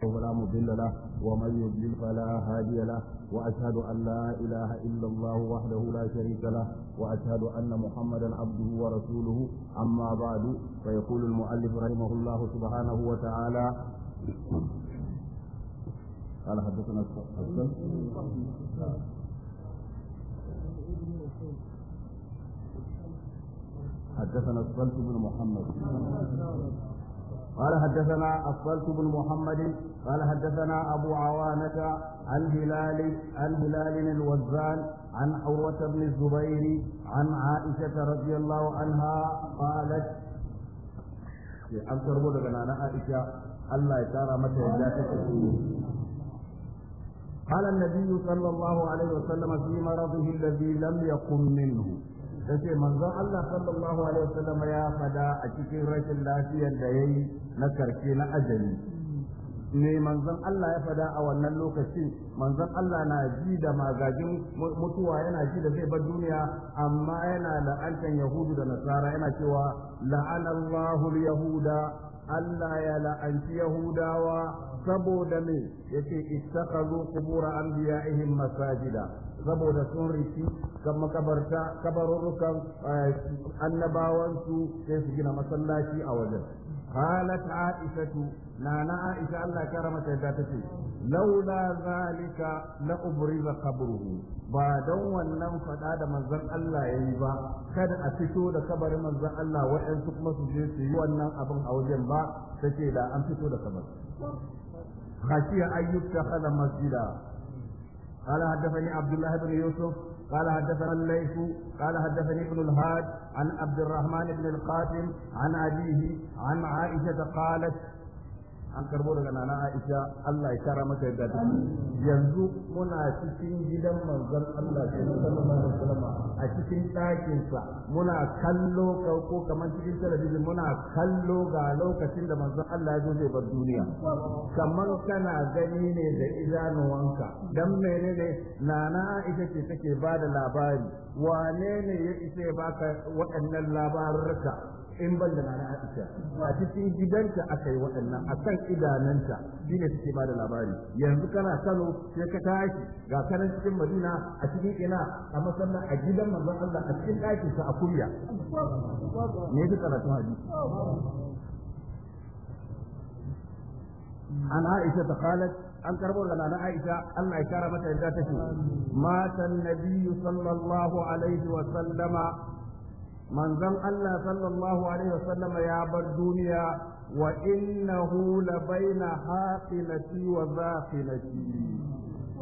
فلا مضل له ومن يضلل فلا هادي له واشهد ان لا اله الا الله وحده لا شريك له واشهد ان محمدا عبده ورسوله اما بعد فيقول المؤلف رحمه الله سبحانه وتعالى قال حدثنا حدثنا الصلت بن محمد قال حدثنا أصلت بن محمد قال حدثنا أبو عوانة عن هلال عن هلال الوزان عن عروة بن الزبير عن عائشة رضي الله عنها قالت أن تربو لنا عائشة الله يتارى متى قال النبي صلى الله عليه وسلم في مرضه الذي لم يقم منه ce manzon Allah sallallahu alaihi wasallam ya fada a cikin rashin lafiyar da yayi na karshe na ajali ne manzon Allah ya fada a wannan lokacin manzon Allah na ji da magagin mutuwa yana ji da zai bar duniya amma yana la'ancan yahudu da nasara yana cewa la'anallahu yahuda Allah ya la'anci yahudawa saboda me yace ittakhadhu qubur anbiya'ihim masajida saboda sun riki kan makabarta kabarurrukan eh, annabawansu sai su gina masallaci a wajen Aisha قالت ta ta عائشة الله كرمت ذاتك لولا ذلك لأبرز Ba don wannan faɗa da manzon Allah yayi ba kada a fito da kabarin manzon Allah waɗansu kuma su je su yi wannan abin a wajen ba take da an fito da kabarin خشي أن يتخذ مسجدا قال حدثني عبد الله بن يوسف قال حدثنا الليث قال حدثني ابن الهاد عن عبد الرحمن بن القاسم عن أبيه عن عائشة قالت an karbo daga nana Aisha Allah ya kara mata yadda ta yanzu muna cikin gidan manzon Allah sallallahu alaihi wasallam a cikin ɗakin sa muna kallo ko kamar cikin talabijin muna kallo ga lokacin da manzon Allah ya zo zai bar duniya kamar kana gani ne da idanuwanka dan ne nana Aisha ce take ba labari wane ne ya isa ya baka waɗannan labarurka in ban da nana Aisha a cikin gidanta aka yi waɗannan a kan idananta shi ne suke ba da labari yanzu kana Kano sai ka tashi ga kanan cikin Madina a cikin ina a masallan a gidan manzon Allah a cikin ɗakin sa a kunya ne duk tun hadisi an Aisha ta qalat an karbo da nan Aisha Allah ya kara mata yadda ta ce. matan Nabi sallallahu alaihi wa sallama manzon Allah sallallahu alaihi wasallam ya bar duniya wa innahu labaina haqilati wa zaqilati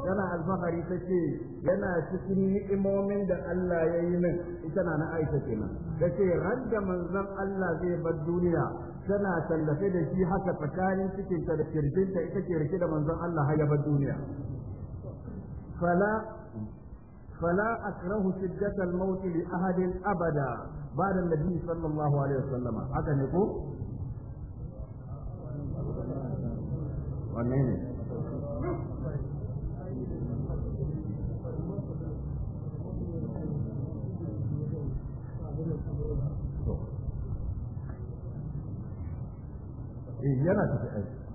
yana alfahari take yana cikin ni'imomin da Allah ya yi min ita na Aisha kenan take radda manzon Allah zai bar duniya tana tallafe da shi haka tsakanin cikinta da kirjinta ita ke rike da manzon Allah ya bar duniya fala فلا أكره شدة الموت لأحد أبدا بعد النبي صلى الله عليه وسلم هذا نقول ونين yana tafi aiki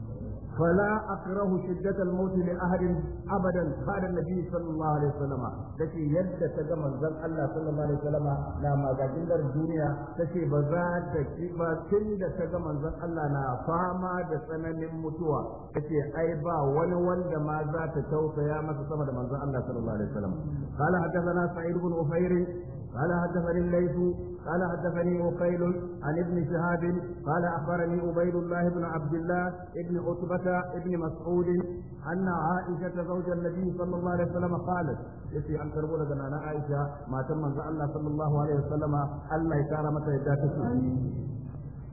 فلا أكره شدة الموت لأحد أبدا بعد النبي صلى الله عليه وسلم لكي يد تجمع زن الله صلى الله عليه وسلم لا ما جاجل الدنيا تشي بزاد تشي باتن دا تجمع زن الله نا فاما دا سنن متوى تشي أيبا ونوان دا ما ذات توفى يا ما تصمد من زن الله صلى الله عليه وسلم قال حدثنا سعيد بن أفير قال حدثني الليث قال حدثني وقيل عن ابن شهاب قال اخبرني عبيد الله بن عبد الله بن عتبة بن مسعود ان عائشة زوج النبي صلى الله عليه وسلم قالت يسي عن كربولة انا عائشة ما تم الله صلى الله عليه وسلم الله يكرمك يداتك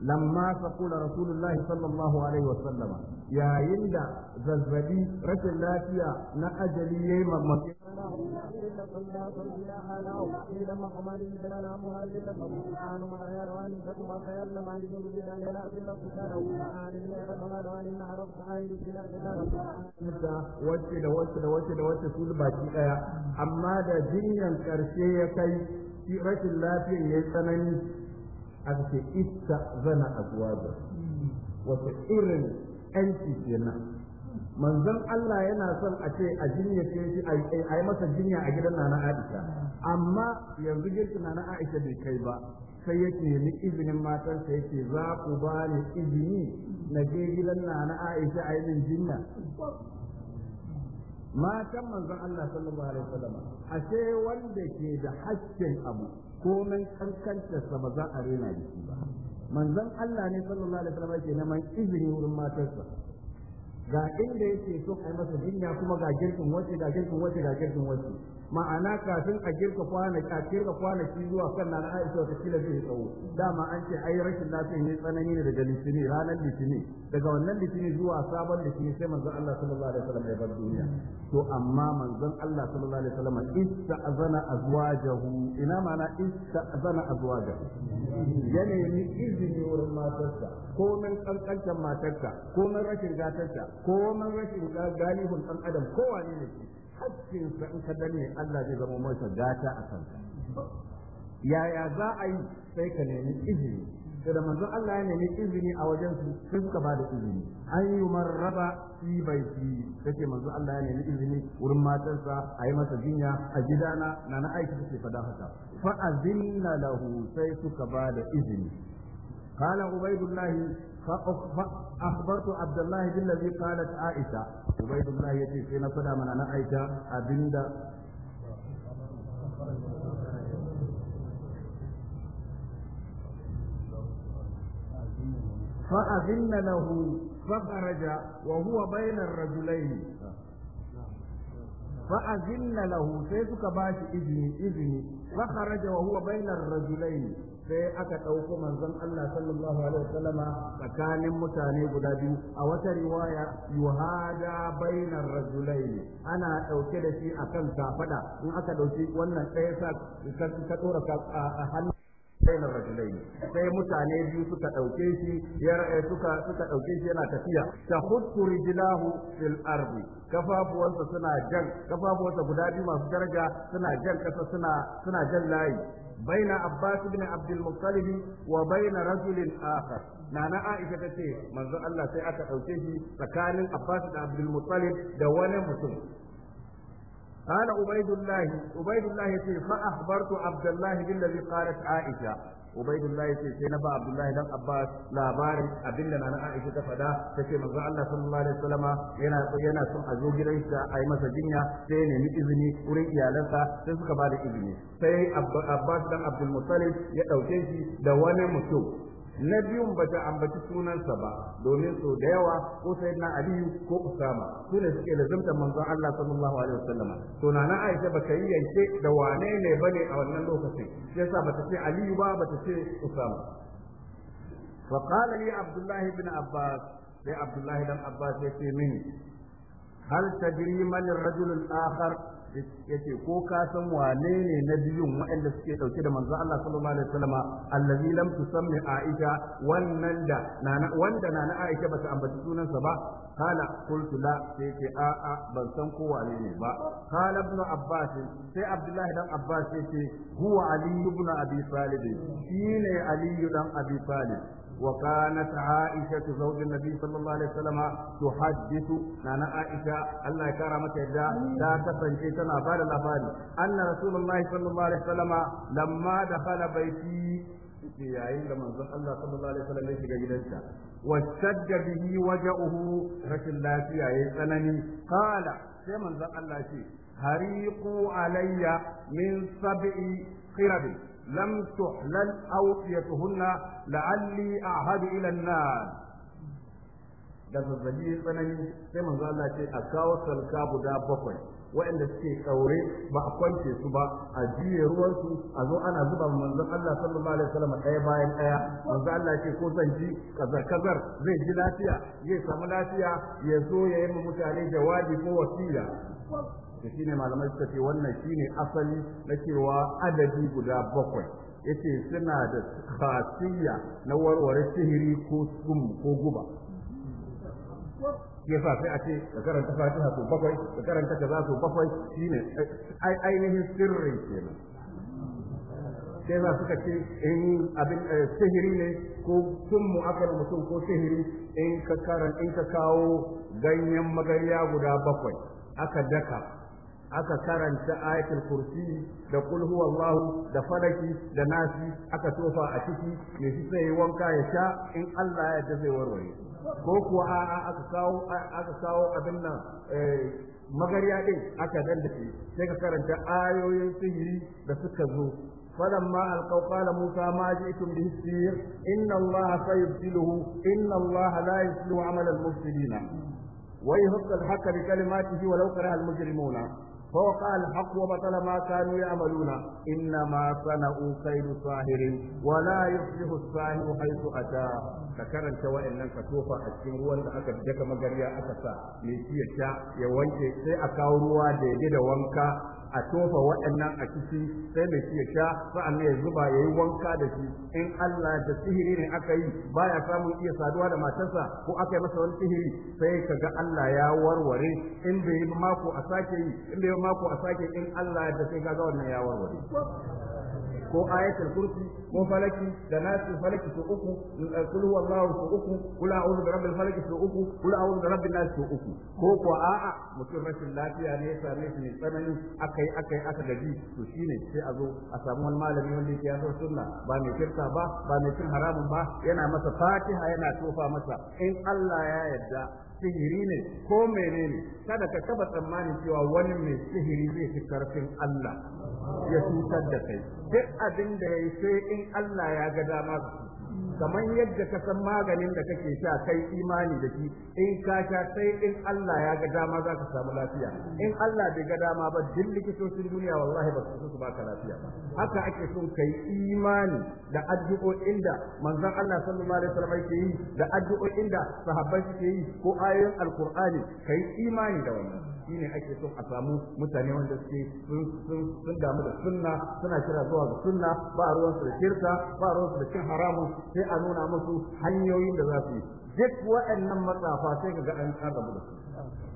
lamma saqula rasulullahi sallallahu alaihi wasallama yayin da zazzabi rashin lafiya na ajali yayi mamaki wacce da wacce da wacce da wacce su baki daya amma da jinyan karshe ya kai rashin lafiyan yayi tsanani aka ce ita zana ba wata irin yanci kenan manzon Allah yana son a ce a jinya ce shi a yi masa jinya a gidan Nana Aisha amma yanzu girki Nana Aisha bai kai ba sai yake ni izinin matar sa yake za ku ba ni izini na je gidan Nana Aisha a yi jinya matan manzon Allah sallallahu alaihi wasallam ashe wanda ke da haƙƙin abu komai kankantar sa ba za a rena da shi ba manzon Allah ne sallallahu alaihi wasallam yake neman izini wurin matarsa ga inda yake son yi masa jinya kuma ga girkin wace ga girkin wace ga girkin wace ma'ana kafin a girka kwanaki a girka kwanaki zuwa kan na Aisha wata kila zai tsawo dama an ce ai rashin lafiya ne tsanani ne daga litini ranar litini daga wannan litini zuwa sabon litini sai manzon Allah sallallahu alaihi wasallam ya bar duniya to amma manzon Allah sallallahu alaihi wasallam ista'zana azwajahu ina ma'ana ista'zana azwajahu ya nemi izini wurin matarsa ko min kankantar matarsa ko min rashin gatarsa ko min rashin galihun dan adam ko wani ne hakkin sa in ka dane Allah zai zama masa gata a kanka yaya za a yi sai ka nemi izini da manzon Allah ya nemi izini a wajen su sai suka da izini an yi marraba fi baiti take manzon Allah ya nemi izini wurin matarsa a yi masa jinya a gidana na na aiki take fada haka fa azinna lahu sai suka da izini qala ubaidullah akhbartu abdullah الله بالذي qalat aisha ubaydullah yace sai na fada mana na aisha abinda فأذن له فخرج وهو بين الرجلين فأذن له سيتك باش إذني إذني فخرج وهو بين الرجلين sai aka ɗauko manzon Allah sallallahu alaihi wasallama tsakanin mutane guda biyu a wata riwaya yuhada bainar rajulaini ana ɗauke da shi akan safada in aka ɗauki wannan ɗaya sa ka ɗora a hannu baina rajulaini sai mutane biyu suka dauke shi ya eh, suka suka dauke shi yana tafiya tahuttu rijlahu fil ardi kafafuwansa suna jan kafafuwansa guda biyu masu daraja suna jan kasa suna suna jan layi baina abbas ibn abdul wa baina rajulin akhar nana aisha tace manzo Allah sai aka dauke shi tsakanin abbas da abdul da wani mutum قال عبيد الله عبيد الله يقول فأخبرت عبد الله بالذي قالت عائشة عبيد الله يقول سينبا عبد الله بن عباس لا بارد أبن لنا أنا عائشة فدا تكي من الله صلى الله عليه وسلم ينا ينا سن أزوج ريسا أي مسجنيا سيني من إذني أريد يالسا سيسك بعد إذني سي عباس بن عبد المطلب يأوكيشي دواني مسوك na biyun bata ambaci sunansa ba domin so da yawa ko na aliyu ko usama su ne suke lazimtar manzon Allah sallallahu alaihi wasallam to nana aisha bata yi yanke da wane ne bane a wannan lokacin yasa ta ce aliyu ba ba ta ce usama fa qala li Abdullahi ibn abbas sai Abdullahi dan abbas ya ce mini hal tajri man ar-rajul al-akhar yace ko ka san wane ne na biyun waɗanda suke dauke da manzo Allah sallallahu alaihi wasallam allazi lam tusammi Aisha wannan da nana wanda nana Aisha bata ambaci sunansa ba kala qultu la sai yace a a ban san ko wane ne ba kala ibn Abbas sai Abdullahi dan Abbas ce huwa Ali ibn Abi Talib shine Ali dan Abi Talib وكانت عائشة زوج النبي صلى الله عليه وسلم تحدث نانا عائشة الله كرمت يدا لا تفنشي تنا بعد الأفاني أن رسول الله صلى الله عليه وسلم لما دخل بيتي yake yayin da manzon Allah sallallahu alaihi wasallam ya shiga gidansa wastadda bihi waja'uhu rashin lafiya yayin tsanani kala sai manzon Allah ce hariqu alayya min sab'i لم تحلل أوصيتهن لعلي أعهد إلى النار da zazzabi ya tsanani sai manzo Allah ce a kawo salka guda bakwai waɗanda suke kaure ba a kwance su ba a jiye ruwansu a zo ana zuba manzon Allah sallallahu alaihi wasallam ɗaya bayan ɗaya manzo Allah ce ko zan ji kazar kazar zai ji lafiya zai samu lafiya ya zo ya yi mutane jawabi ko wasiya da shi ne malamai suka ce wannan shi ne asali na cewa adadi guda bakwai yace suna da khasiyya na warware sihiri ko sum ko guba ya sa sai a ce ka karanta fatiha su bakwai ka karanta kaza su bakwai shine ne ainihin sirri kenan sai za suka ce in abin eh, sihiri ne ko sun mu'akar mutum ko sihiri in ka karan in ka kawo ganyen magarya guda bakwai aka daka aka karanta ayatul kursi da kul huwallahu da falaki da nasi aka tofa a ciki ya ji sai wanka ya sha in Allah ya yarda warware ko kuwa a aka kawo aka kawo abin nan eh, magariya din aka dandace sai ka karanta ayoyin sihiri da suka zo فلما ألقوا قال موسى ما جئتم به السير إن الله سيبدله إن الله لا يسلو عمل المفسدين ويهق الحق بكلماته ولو كره المجرمون فوقع الحق وبطل ما كانوا يعملون إنما صنعوا كيد ساهر ولا يفلح الساهر حيث أتى ka karanta waɗannan ka tofa a cikin ruwan da aka daka magarya aka sa mai shi ya sha ya wanke sai a kawo ruwa da ya da wanka a tofa waɗannan a ciki sai mai shi ya sha sa'an ya zuba ya yi wanka da shi in Allah da sihiri ne aka yi ba ya samun iya saduwa da matarsa ko aka yi masa wani sihiri sai ka ga Allah ya warware in bai yi mako a sake yi in bai yi mako a sake in Allah da sai ka ga wannan ya warware ko ayatul kursi ko falaki da nasu falaki su uku kul eh, allah su uku kul a'udhu bi rabbil falaki su uku kul a'udhu bi rabbin nas su uku ko ko a'a mutum rashin lafiya ne ya same shi ne tsanani akai akai aka gaji to shine sai a zo a samu wani malami wanda yake yaso sunna ba mai kirka ba ba mai cin haramun ba yana masa fatiha yana tofa masa in Allah ya yarda sihiri ne ko menene kada ka taba tsammanin cewa wani mai sihiri zai fi karfin Allah ya cutar da kai duk abin da yayi sai in Allah ya ga dama kamar yadda ka san maganin da kake sha kai imani da shi in ka sha sai in Allah ya ga dama za ka samu lafiya in Allah bai ga dama ba duk likitocin duniya wallahi ba su su ka lafiya haka ake son kai imani da addu'o'in da manzon Allah sallallahu alaihi wasallam yake yi da addu'o'in da sahabbai suke yi ko ayoyin alqur'ani kai imani da wannan shine ake son a samu mutane wanda suke sun damu da sunna suna kira zuwa ga sunna ba ruwan su da kirta ba ruwan su da cin haramun sai a nuna musu hanyoyin da za su yi duk waɗannan matsafa sai ga an karrabu da su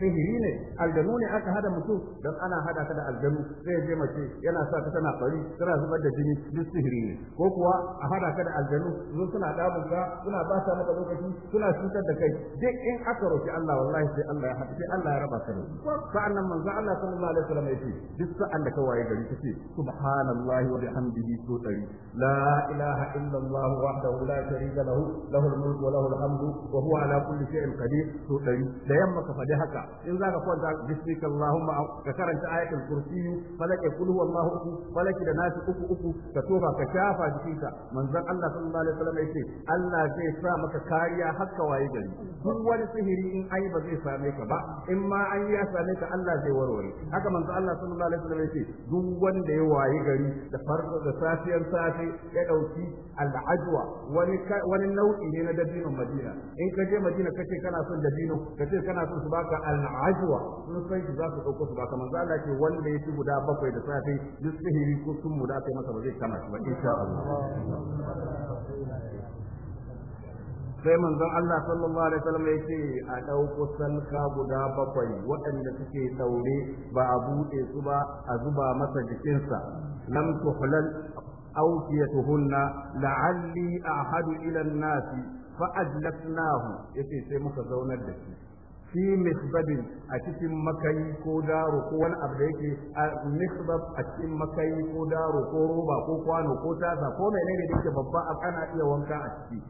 sihiri ne aljanu ne aka hada mutum don ana hada ka da aljanu sai ya je mace yana sa ka tana bari tana zubar da jini duk sihiri ne ko kuwa a hada ka da aljanu zo suna damun ka suna ba sa maka lokaci suna cutar da kai duk in aka roki Allah wallahi sai Allah ya hada sai Allah ya raba ka da sa'an nan manzo Allah sallallahu alaihi wasallam yace duk sa'an da ka waye gari kace subhanallahi wa bihamdihi so dari la ilaha illallah wahdahu la sharika lahu lahul wa lahul hamdu wa huwa ala kulli shay'in qadir so dari da yamma ka fadi haka in za ka kwanta bismika allahumma ka karanta ayatul kursi falaka kul wallahu uku falaki da nasi uku uku ka tofa ka shafa jikinka manzon Allah sallallahu alaihi wasallam yace Allah zai sa maka kariya ka waye gari duk wani sihiri in ai ba zai same ka ba in ma an ya same ka Allah zai warware haka manzon Allah sallallahu alaihi wasallam yace duk wanda ya waye gari da farko da safiyar safe ya dauki al'ajwa wani nau'i ne na dabinon Madina in ka je Madina kace kana son dabino kace kana son su baka al al'ajwa sun san shi za su dauko su ba kamar za Allah ce wanda ya ci guda bakwai da safe duk sihiri ko sun mu da kai masa ba zai kama shi ba insha Allah sai manzon Allah sallallahu alaihi wasallam ya ce a ɗauko salka guda bakwai waɗanda suke saure ba a buɗe su ba a zuba masa jikinsa lam tuhlal awfiyatuhunna la'alli ahadu ila an-nasi fa ajlafnahu yace sai muka zaunar da shi fi misbabin a cikin makai ko daro ko wani abu da yake a misbab a cikin makai ko daro ko roba ko kwano ko tasa ko menene da yake babba a kana iya wanka a ciki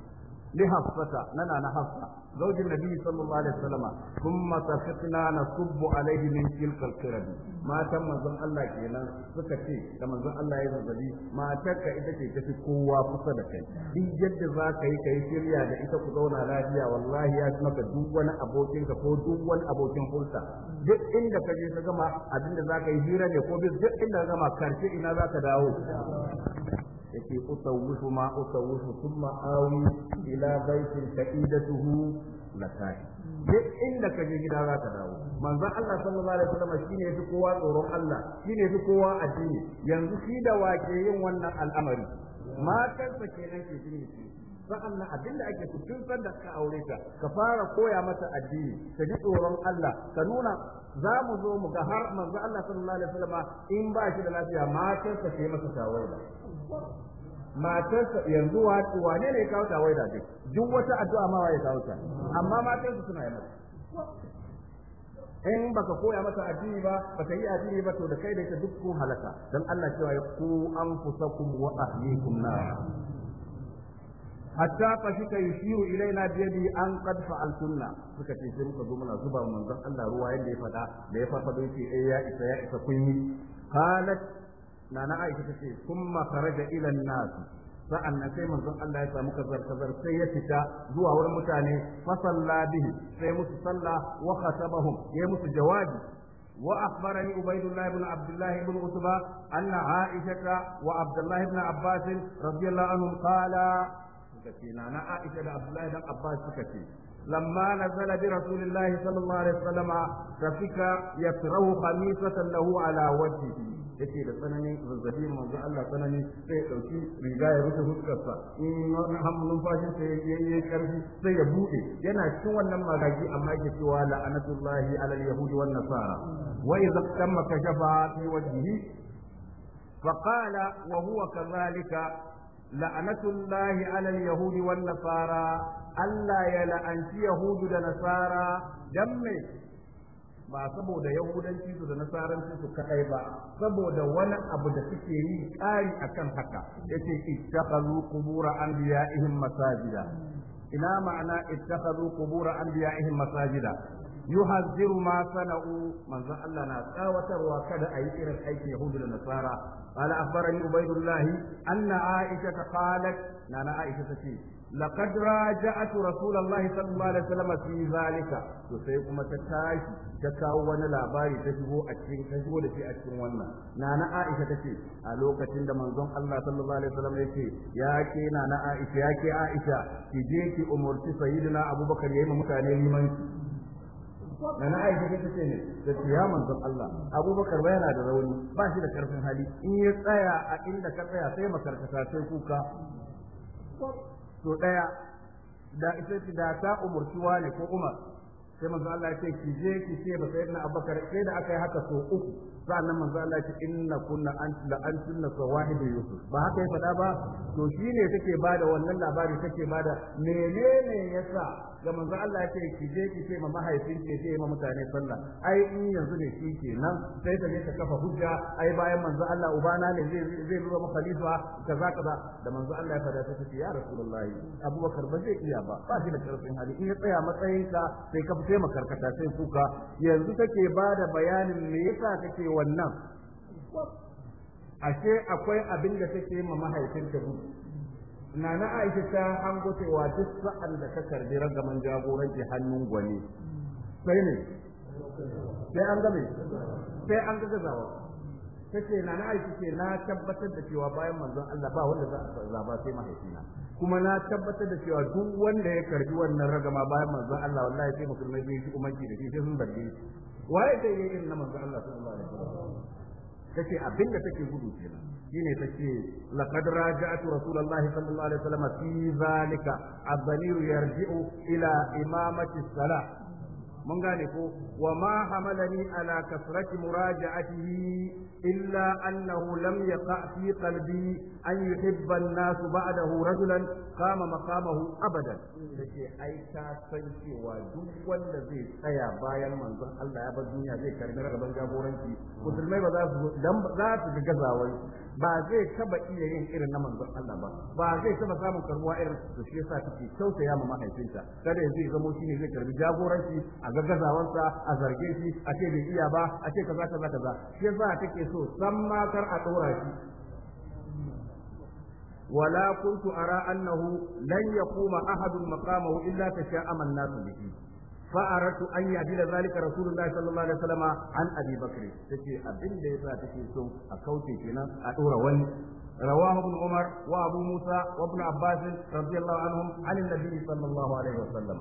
لحفصة لنا نحفصة زوج النبي صلى الله عليه وسلم ثم تفقنا نصب عليه من تلك القرب ما تم زن الله كينا سكتي كما ظن الله إذا يزدي ما تك إذا كي تفي قوة فصدك دي جد ذاك أي كي سيريا دا إذا كدونا راجيا والله يا دوان أبوتين كفو دوان أبوتين فلسا duk inda ka je ka gama abinda za ka yi hira ne ko duk inda ka gama karshe ina za ka dawo yake usawwifu ma usawwifu thumma awi ila baitin ka'idatuhu lakai duk inda ka je gida za ka dawo manzon Allah sallallahu alaihi wasallam shine yafi kowa tsoron Allah shine yafi kowa addini yanzu shi da wake yin wannan al'amari matarsa kansa ke jini sa'an nan abin abinda ake tun san da ka aure ta ka fara koya mata addini ka ji tsoron Allah ka nuna za mu zo mu ga har manzo Allah sallallahu alaihi wasallam in ba shi da lafiya matarsa ke masa tawaya matarsa yanzu wane ne ya kawo ta waida dai duk wata addu'a ma waye kawo ta amma matarsa suna yi in baka koya masa addini ba baka yi addini ba to da kai da ita duk kun halaka dan Allah cewa ya ku anfusakum wa ahlikum na hatta fashika yushiru ilaina yadi an qad fa'altunna suka ce sai muka zo muna zuba manzon Allah ruwa yadda ya fada da ya farfado yace eh ya isa ya isa kun yi halat nana aisha ta ce kuma da ila nas sa'an nan sai manzon Allah ya samu kazar kazar sai ya fita zuwa wurin mutane fa bihi sai musu salla wa khatabahum ya musu jawabi wa akhbarani ubaydullah ibn abdullah ibn usba anna aisha wa abdullah ibn abbas radiyallahu anhum qala na aisha da abdullah ibn abbas suka ce لما نزل برسول الله صلى الله عليه وسلم رفك يكره خميسة له على وجهه yace da tsananin zazzabi manzo Allah tsanani sai ya dauki riga ya rufe fuskarsa in hamlun fashin sai yayi karfi sai ya bude yana cikin wannan magaji, amma yake cewa la'anatullahi alal yahudi wan nasara wa idza tamma kashafa fi wajhihi la'anatullahi وهو كذلك لعنة nasara, على ya والنصارى ألا da nasara, ونصارى ba saboda yahudanci su da nasaranci su kadai ba saboda wani abu da suke yi kari akan haka yace ittakhadhu qubur anbiya'ihim masajida ina ma'ana ittakhadhu qubur anbiya'ihim masajida yuhazziru ma sana'u manzo Allah na tsawatarwa kada a yi irin aiki yahudu da nasara qala akhbarani ubaydullah anna aisha qalat nana aisha tace laqad raja'atu rasulullahi sallallahu alaihi wasallam fi zalika to sai kuma ta tashi ta kawo wani labari ta shigo a cikin ta shigo da shi a cikin wannan nana Aisha tace a lokacin da manzon Allah sallallahu alaihi wasallam yake ya ke nana Aisha ya ke Aisha ki je ki umurci sayyidina Abubakar yayi mutane limanci na aisha ta ce ne da ya manzon Allah abubakar ba yana da rauni ba shi da karfin hali in ya tsaya a inda ka tsaya sai makarkata sai kuka so ɗaya da ita ce da ta umurci wani ko umar sai manzo Allah ya ce ki je ki ce ba sai na abubakar sai da aka yi haka so uku za manzo Allah ya ce inna kunna anti la na sawahibu yusuf ba haka ya faɗa ba to shine take bada wannan labari take bada menene yasa da manzo Allah ce ki je ki ce ma mahaifin ki ce ma mutane sallah ai in yanzu ne shi kenan sai ta je ta kafa hujja ai bayan manzo Allah ubana ne zai zai zuwa khalifa kaza kaza da manzo Allah ya fada ta ce ya rasulullahi abubakar ba zai iya ba ba shi da karfin hali in ya tsaya matsayin ka sai ka fita makarkata sai kuka yanzu take ba da bayanin me yasa kake wannan ashe akwai abin da take ma mahaifin gudu Na na aisha ta hango cewa duk sa'an da ka karbi ragaman jagoranci hannun gwani sai ne sai an gabe sai an ce na na aisha ce na tabbatar da cewa bayan manzon Allah ba wanda za a zaba sai mahaifina kuma na tabbatar da cewa duk wanda ya karbi wannan ragama bayan manzon Allah wallahi sai musulmai zai ji umarci da shi sai sun barge shi waye sai yayin na manzon Allah sallallahu alaihi wasallam tace abinda take gudu kenan shine tace laqad raja'tu rasulullahi sallallahu alaihi wasallam fi zalika az-zamir yarji'u ila imamati salah mun gane ko wa ma hamalani ala kasrati muraja'atihi illa annahu lam yaqa fi qalbi an yuhibba an-nasu ba'dahu rajulan qama maqamahu abadan dace ai ta san cewa duk wanda zai tsaya bayan manzon Allah ya bar duniya zai karbi rabon jagoranci musulmai ba za su za su ga gazawai ba zai taba iya yin irin na manzon Allah ba ba zai taba samun karbuwa irin to shi yasa take kyautaya ma mahaifinta kada ya zai shi ne zai karbi jagoranci a gaggazawansa a zarge shi a ce bai iya ba a ce kaza kaza kaza shi yasa take so san ma kar a tsora shi kuntu ara annahu lan yaquma يقوم maqamahu illa tasha'a man nasu bihi fa'aratu an yadi da zalika rasulullahi sallallahu alaihi wasallam an abi bakri tace abin da yasa take so a kauce kenan a dora wani رواه ابن عمر Musa موسى وابن عباس رضي الله عنهم عن النبي صلى الله عليه وسلم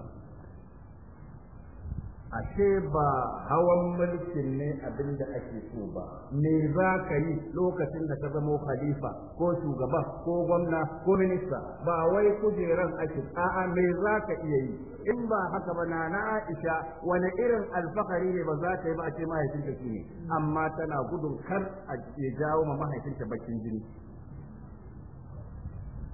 ashe ba hawan mulkin ne abin da ake so ba me za ka yi lokacin da ta zamo khalifa ko shugaba ko gwamna ko minista ba wai kujeran ake a'a me za ka iya yi in ba haka ba na Aisha wani irin alfahari ne ba za ta yi ba a ce mahaifinta shi ne amma tana gudun kar a jawo ma mahaifinta bakin jini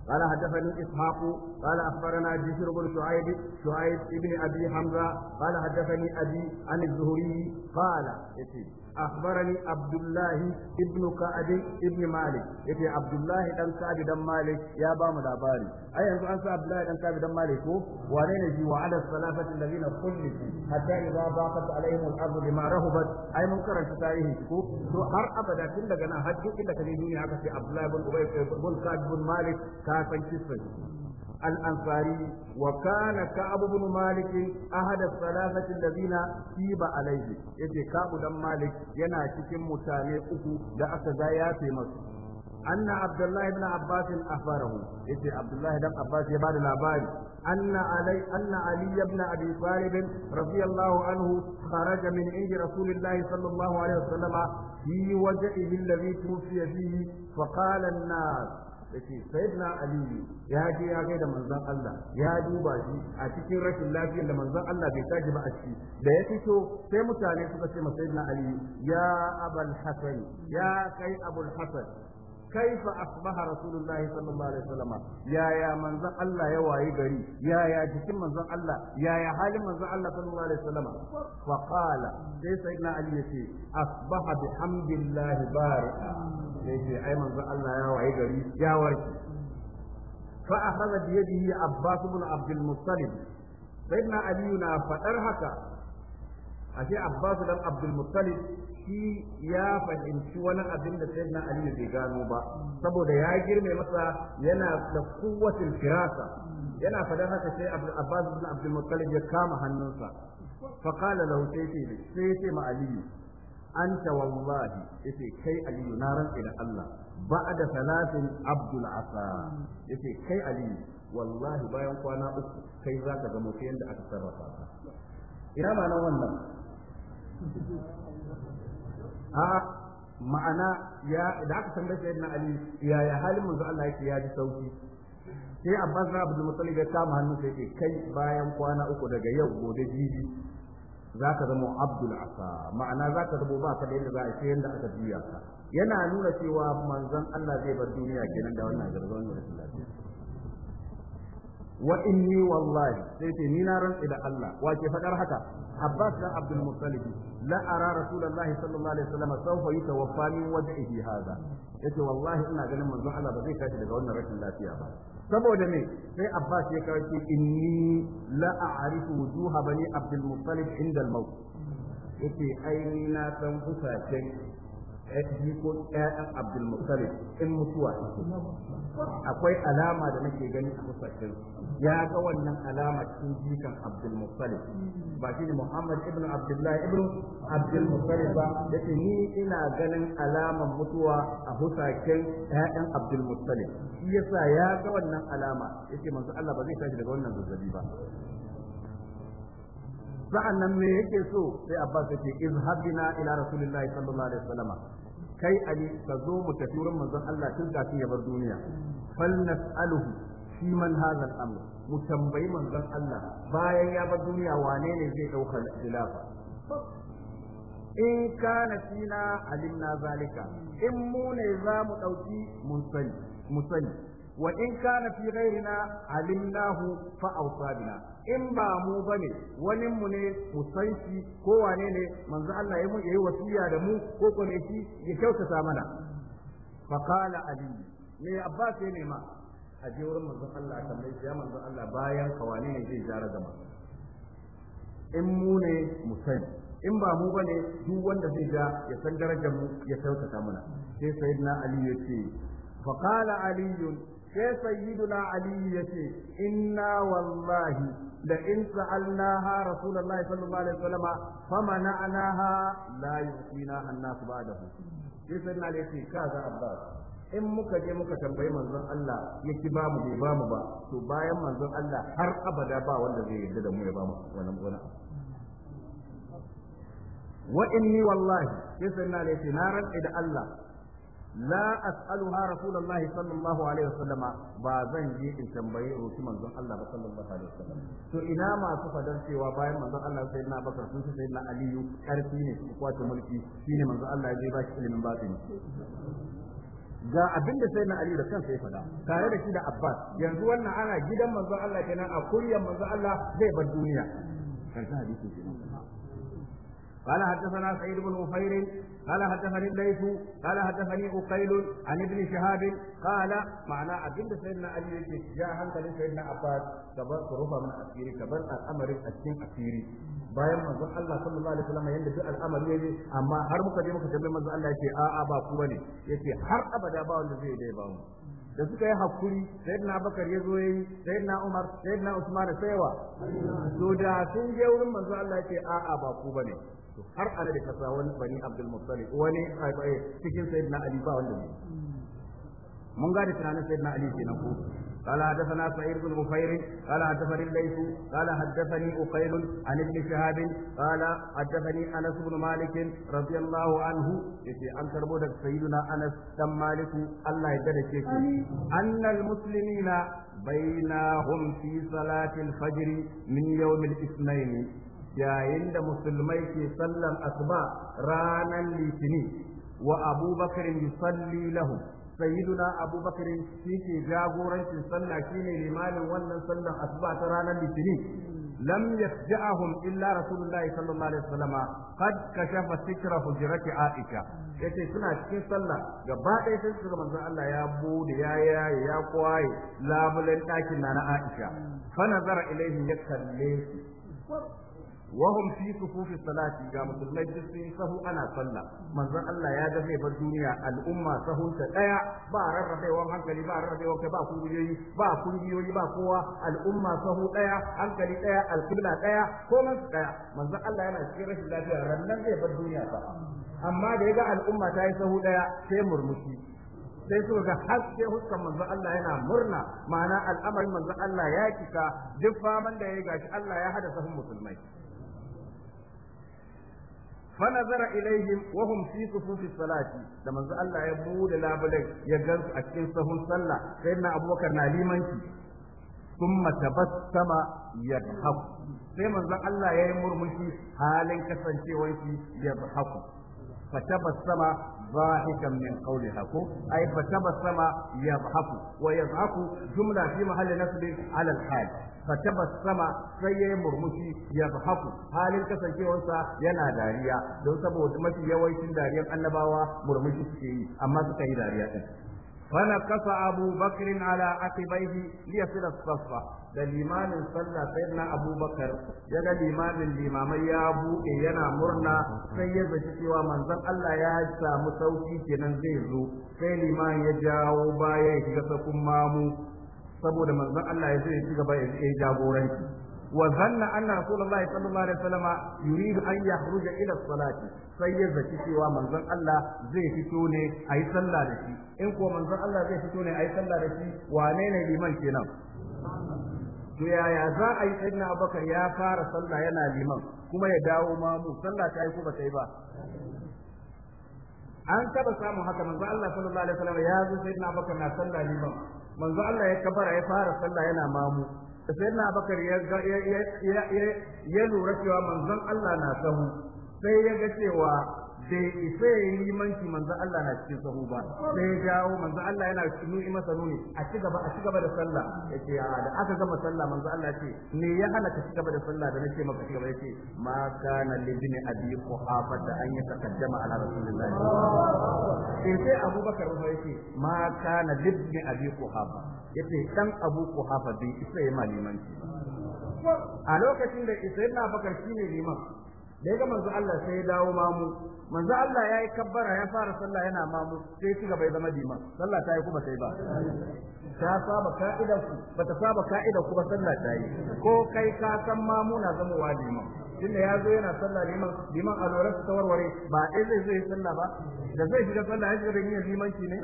قال حدثني إسحاق قال أخبرنا بشر بن شعيب شعيب بن أبي حمزة قال حدثني أبي عن الزهري قال أخبرني عبد الله ابن كعب ابن مالك يتي عبد الله دان كعب دان مالك يا بام لاباري أي أنت أنت عبد الله دان كعب دان مالك وعلينا جي وعلى الثلاثة الذين خلفوا حتى إذا ضاقت عليهم الأرض بما رهبت أي منكر تتائه تكو تو هر أبدا كل لغنا حج إلا كذي دنيا عبد الله بن أبي بن كعب بن مالك كافن كسر الأنصاري وكان كعب بن مالك أحد الثلاثة الذين تيب عليه يجي كعب بن مالك ينا cikin mutane uku da aka ga ya masu anna abdullahi ibn abbas akhbarahu yace abdullahi dan abbas ya bada labari أن علي أن علي بن أبي طالب رضي الله عنه خرج من عند رسول الله صلى الله عليه وسلم في وجهه الذي توفي فيه فقال الناس yace sayyidina ali ya je ya kai da manzon Allah ya duba shi a cikin rashin lafiyar da manzon Allah bai taji ba a ciki da ya fito sai mutane suka ce ma sayyidina ali ya abul hasan ya kai abul hasan kaifa asbaha rasulullah sallallahu alaihi wasallam yaya manzon Allah ya wayi gari yaya jikin manzon Allah yaya halin manzon Allah sallallahu alaihi wasallam fa qala sai sayyidina ali yace asbaha bihamdillah barika yace ai manzon Allah ya wayi gari ya warke fa akhadha bi yadihi abbas ibn abd al-muttalib sayyidina ali na faɗar haka ashe abbas dan abd al-muttalib shi ya fahimci wani abin da na Aliyu bai gano ba saboda ya girme masa yana da kuwatin firasa yana fadan haka sai Abbas ibn Abdul Muttalib ya kama hannunsa fa qala lahu ce sai ce ma an anta wallahi yace kai Aliyu na rantsa da Allah ba'da salatin Abdul Asa yace kai Aliyu wallahi bayan kwana uku kai zaka ga mutum yanda aka sarrafa ina ma nan wannan ha ma'ana ya da aka da sayyidina ali ya ya halin manzo Allah yake ya ji sauki sai Abbas na Abdul Muttalib ya kama hannun sai kai bayan kwana uku daga yau gobe jibi zaka zama Abdul Asa ma'ana zaka zama ba ka da yadda za a ce yanda aka biya ka yana nuna cewa manzon Allah zai bar duniya kenan da wannan garzon da lafiya wa inni wallahi sai ce ni na rantsi da Allah wace fadar haka Abbas dan Abdul Muttalib la ara Rasulullahi sallallahu alaihi wasallam sawfa yatawaffa min wajhihi hadha yace wallahi ina ganin manzon Allah ba zai tashi daga wannan rashin lafiya ba saboda me sai Abbas ya kawo ce inni la a'rifu wujuha bani Abdul Muttalib inda al-maut yace ai ni na san kusacen ji ko ƴaƴan Abdul Muttalib in mutuwa akwai alama da nake gani a kusacen ya ga wannan alama cikin jikan Abdul Muttalib ba shi ne Muhammad ibn Abdullah ibn Abdul Muttalib ba yace ni ina ganin alaman mutuwa a husaken ƴaƴan Abdul Muttalib shi yasa ya ga wannan alama yace manzo Allah ba zai tashi daga wannan zazzabi ba sa'an nan me yake so sai Abbas yake izhabina ila Rasulillahi sallallahu alaihi wasallam kai Ali ka zo mu tafi wurin manzon Allah tun kafin ya bar duniya fal nas'aluhu shi man hazal amr mu tambayi manzon Allah bayan ya bar duniya wane ne zai dauka dilafa in kana fina alimna zalika in mu ne za mu dauki mun sani mu sani wa in kana fi ghairina alimnahu fa awsadina in ba mu bane wani mu ne mu san shi ko wane ne manzo Allah ya mu yayi wasiya da mu ko ko shi ya kyautata mana fa qala ali ne abbas ne ma a je wurin manzon Allah kan mai ya manzon Allah bayan kawani ne zai jara zama in mu ne mu sani in ba mu bane duk wanda zai ga ya san darajar mu ya sautata mana sai sayyidina ali ya ce fa qala ali sai sayyiduna ali ya ce inna wallahi da in sa'alnaha rasulullahi sallallahu alaihi wasallam famana'naha la yuqina annas ba'dahu sai sayyidina ali ya ce kaza abbas in muka je muka tambayi manzon Allah yake ba mu ba mu ba to bayan manzon Allah har abada ba wanda zai yarda da mu ya ba mu wannan gona wa inni wallahi sai sanna ne sai na rantsa da Allah la as'aluha rasulullah sallallahu alaihi wasallam ba zan je in tambayi roki manzon Allah ba sallallahu alaihi wasallam to ina masu fadar cewa bayan manzon Allah sai na bakar sun sai na aliyu karfi ne ko kwace mulki shine manzon Allah ya ba shi ilimin batini ga abin da sai na Ali da kansa ya faɗa tare da shi da Abbas yanzu wannan ana gidan manzon Allah kenan a kuryan manzon Allah zai bar duniya kan hadisi kenan قال حدثنا سعيد بن غفير قال حدثني الليث قال حدثني عقيل عن ابن شهاب قال معنى عبد سيدنا علي يا هنكل سيدنا عباس كبر ربع من اسيري كبر الامر الاسين اسيري bayan manzon Allah sallallahu alaihi wasallam yanda duk al'amari yayi amma har muka je muka tambaye manzon Allah yake a'a ba ku bane yace har abada ba wanda zai dai ba mu da suka yi hakuri sayyidina Abubakar ya zo yayi sayyidina Umar sayyidina Usman saiwa to da sun je wurin manzon Allah yake a' ba ku bane to har ana da kasa wani bani abdul muttalib wani cikin sayyidina ali ba wanda ne mun ga da tunanin sayyidina ali kenan ko قال حدثنا سعيد بن بخير قال حدثني الليث قال حدثني أقيل عن ابن شهاب قال حدثني أنس بن مالك رضي الله عنه يتي أن كربودك سيدنا أنس بن مالك الله يدرك أن المسلمين بينهم في صلاة الفجر من يوم الاثنين yayin da musulmai ke sallar asuba ranar litinin wa abubakar yusalli lahu sayyiduna abubakar shi ke jagorancin sallah shine limamin wannan sallar asuba ta ranar litinin lam yafja'ahum illa rasulullahi sallallahu alaihi wasallam qad kashafa sitra hujrati aisha Ya ce suna cikin sallah gaba ɗaya sai suka manzon Allah ya bude ya yaye ya kwaye labulen ɗakin na na Aisha fa nazara ilaihim ya kalle su wahum fi sufufi salati ga musulmai duk sun sahu ana sallah manzo Allah ya ga zai bar duniya al'umma sahun ta daya ba rarrabewar hankali ba rarrabewar kai ba kungiyoyi ba kungiyoyi ba kowa al'umma sahu daya hankali daya alqibla daya komai su daya manzon Allah yana cikin rashin lafiya rannan zai bar duniya fa amma da ya al'umma ta yi sahu daya sai murmushi sai su ga haske huskan manzo Allah yana murna ma'ana al'amarin manzo Allah ya kika duk faman da ya yi gashi Allah ya hada sahun musulmai fanazara ilaihim wa hum fi sufufi salati da manzo Allah ya bude labulai ya gansu a cikin sahun sallah sai na abubakar na limanci thumma tabassama yadhhab sai manzo Allah ya yi murmushi halin kasancewar shi ya fa tabassama ضاحكا من قولها أي فتبسم يضحك ويضحك جملة في محل نسب على الحال فتبسم سي مرمشي يضحك halin kasancewarsa yana dariya don saboda mafi yawancin dariyan annabawa murmushi suke yi amma suka yi dariya din فنقص أبو بكر على عقبيه ليصل الصف da limamin sallah sai na abubakar ya ga limamin limamai ya buɗe yana murna sai ya zaci cewa manzon Allah ya samu sauki kenan zai zo sai liman ya jawo baya ya shiga sakun mamu saboda manzon Allah ya zai ya gaba ya jagoranci وظن أن رسول الله صلى الله عليه وسلم يريد أن يخرج إلى الصلاة سيد ذكي ومن ظن الله زي فتوني أي صلى لشي إن كو من ظن الله زي فتوني أي صلى لشي وانين لمن كنا to yaya za a yi sayyidina abubakar ya fara sallah yana liman kuma ya dawo mamu sallah ta yi ko ba ta yi ba an taba samun haka manzo Allah sallallahu alaihi wasallam ya zo sayyidina abubakar na sallah liman manzo Allah ya kabara ya fara sallah yana mamu sai na bakar ya lura cewa manzon Allah na sahu sai ya ga cewa bai isa ya yi limanci manzo Allah na cikin sahu ba sai ya dawo manzo Allah yana nuni masa nuni a ci gaba a ci gaba da sallah yace ya da aka gama sallah manzo Allah ce me ya hana ka ci gaba da sallah da nake maka ci gaba yace ma kana libin abi quhafa da an ya taqaddama ala rasulillah sai sai abubakar ba yace ma kana libin abi quhafa yace dan abu quhafa bai isa ya malimanci a lokacin da isa na bakar shine liman da ya ga manzo Allah sai ya dawo mamu manzo Allah yayi yi kabbara ya fara sallah yana mamu sai ya cigaba ya zama liman sallah ta yi kuma sai ba ta saba ka'idar ku bata saba ka'idar ku ba sallah ta yi ko kai ka san mamu na zama wajibi tunda ya zo yana sallah liman liman a lura ta warware ba ɗaya zai zai sallah ba da zai shiga sallah ya shiga da niyyar limanci ne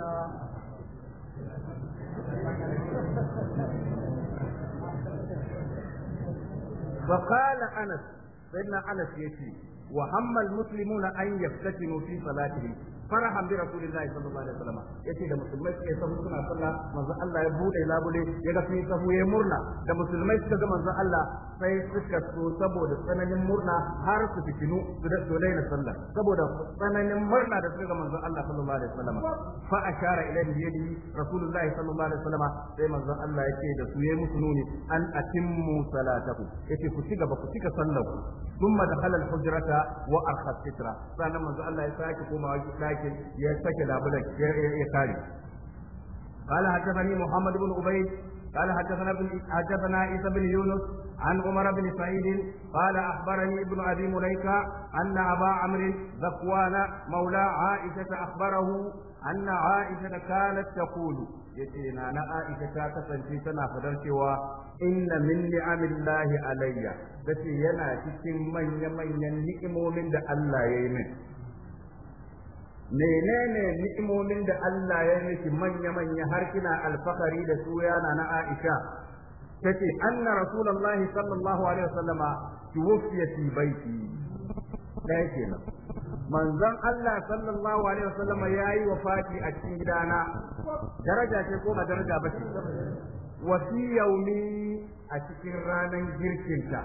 فقال anas. sayyidina anas yace wa hammal muslimuna an yaftatinu fi salatihim farahan bi rasulillahi sallallahu alaihi wasallam yace da musulmai suke sahu suna sallah manzo Allah ya buɗe labule ya ga sun sahu ya murna da musulmai suka ga manzo Allah sai suka so saboda tsananin murna har su fi kinu su da na sallah saboda tsananin murna da suka manzon Allah sallallahu alaihi wasallam fa ashara ila yadihi rasulullahi sallallahu alaihi wasallam sai manzon Allah yake da su yayi musu nuni an atimmu salatakum yace ku ci gaba ku cika sallar ku thumma dakhala al-hujrata wa arkhas sitra sannan manzon Allah ya sake komawa dakin ya sake labulan ya kare قال حدثني محمد بن عبيد قال حدثنا ابن حدثنا عيسى بن يونس عن عمر بن سعيد قال اخبرني ابن ابي مليكه ان ابا عمرو ذكوان مولى عائشه اخبره ان عائشه كانت تقول yace na na Aisha ta kasance tana fadar cewa inna min ni'amillahi alayya tace yana cikin manya-manyan ni'imomin da Allah ya yi min menene ni'imomin da Allah ya miki manya-manya har kina alfakari da su yana na Aisha tace anna rasulullahi sallallahu alaihi wasallama tuwfiya fi baiti dai kenan manzon Allah sallallahu alaihi wasallama yayi wafati a cikin gidana daraja ce ko ba daraja ba ce wa fi yaumi a cikin ranan girkinta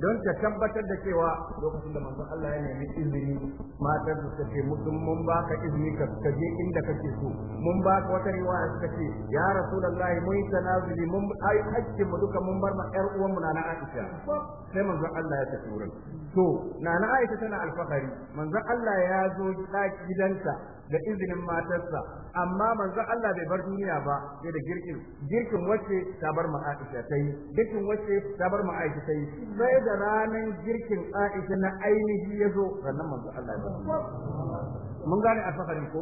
don ta tabbatar da cewa lokacin da manzon Allah ya nemi izini matar da ce mutum mun baka izini ka je inda kake so mun baka wata riwaya suka ce ya rasulullahi mun yi tanazuli mun ai hakkin mu duka mun bar ma 'yar uwan mu nana Aisha sai manzon Allah ya tafi wurin to nana Aisha tana alfahari manzon Allah ya zo gidanta da izinin matarsa amma manzo Allah bai bar duniya ba sai da girkin girkin wacce ta bar ma Aisha ta yi girkin wacce ta bar ma Aisha ta yi sai da ranan girkin Aisha na ainihi yazo ranan manzo Allah ya mun gane alfahari ko